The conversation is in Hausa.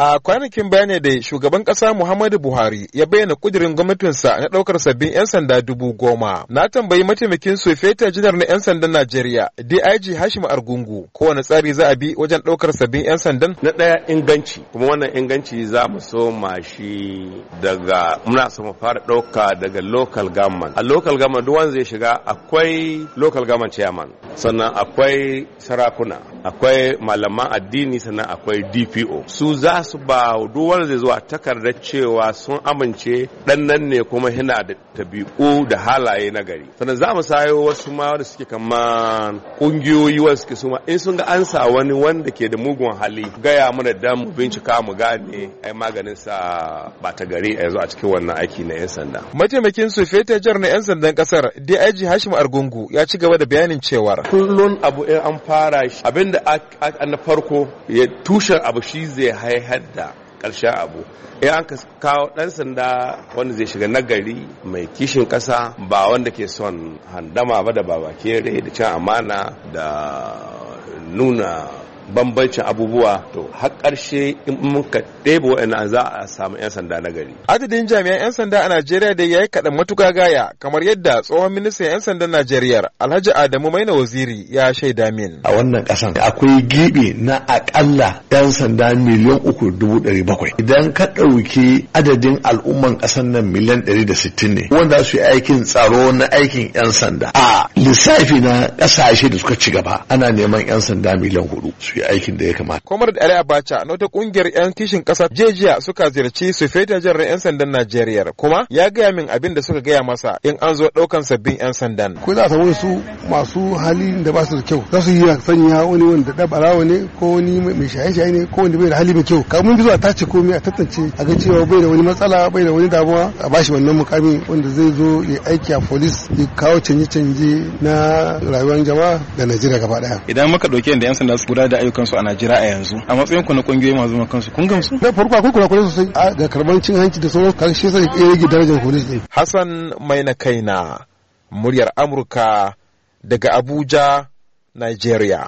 A kwanakin baya ne da shugaban kasa Muhammadu Buhari ya bayyana kudirin gwamnatinsa na ɗaukar sabbin 'yan sanda dubu goma. Na tambayi mataimakin sofeta jinar na 'yan sandan Najeriya, DIG Hashim Argungu, kowane tsari za a bi wajen ɗaukar sabbin 'yan sandan? Na ɗaya inganci, kuma wannan inganci za mu so mashi daga muna so mu fara ɗauka daga local government. A local government duk zai shiga akwai local government chairman, sannan akwai sarakuna, akwai malaman addini sannan akwai dpo su za su ba duk wanda zai zuwa takardar cewa sun amince dan nan ne kuma hina da tabi'u da halaye na gari sannan za mu sayo wasu ma wanda suke kama kungiyoyi wanda suke suma in sun ga an sa wani wanda ke da mugun hali gaya mana dan mu bincika mu gane ai maganin sa ba ta gari a yanzu a cikin wannan aiki na yan sanda mataimakin su fete na yan sandan kasar dig hashim argungu ya ci gaba da bayanin cewar kullun abu in an fara shi abinda na farko ya tushen abu shi zai haihar da ƙarshen abu in an kawo ɗan sanda wanda zai shiga nagari mai kishin ƙasa ba wanda ke son handama ba da babakere da cin amana da nuna bambancin abubuwa to har ƙarshe in muka ɗebe wa'annan za a samu 'yan sanda na gari. Adadin jami'an 'yan sanda a Najeriya da ya yi kaɗan matuƙa gaya kamar yadda tsohon ministan 'yan sandan Najeriya Alhaji Adamu Maina Waziri ya shaida min. A wannan kasan, akwai gibi na aƙalla 'yan sanda miliyan uku dubu ɗari bakwai. Idan ka ɗauki adadin al'umman ƙasan nan miliyan ɗari da sittin ne wanda su yi aikin tsaro na aikin 'yan sanda. A lissafi na ƙasashe da suka ci gaba ana neman 'yan sanda miliyan hudu yi aikin da ya kamata. Komar da Ali Abacha na wata kungiyar 'yan kishin ƙasa jejiya suka ziyarci su feta jirar 'yan sandan Najeriya kuma ya gaya min abin da suka gaya masa in an zo ɗaukan sabbin 'yan sandan. Ko za a samu su masu hali da ba su da kyau za su yi sanya wani wani da barawa ne ko wani mai shaye-shaye ne ko wani bai da hali mai kyau Kamun bi zuwa tace komai a tattance a ga cewa bai da wani matsala bai da wani damuwa a bashi wannan mukamin wanda zai zo ya aiki a polis ya kawo canje-canje na rayuwar jama'a da Najeriya gaba ɗaya. Idan muka ɗauki yadda 'yan sanda su gudanar da ayyukansu a jira a yanzu a matsayin ku na kungiyoyi masu zaman kansu kun gamsu na farko akwai kula kula sosai ga karban cin hanci da sauran shi sai ya rage darajar polis din Hassan Maina Kaina muryar Amurka daga Abuja Nigeria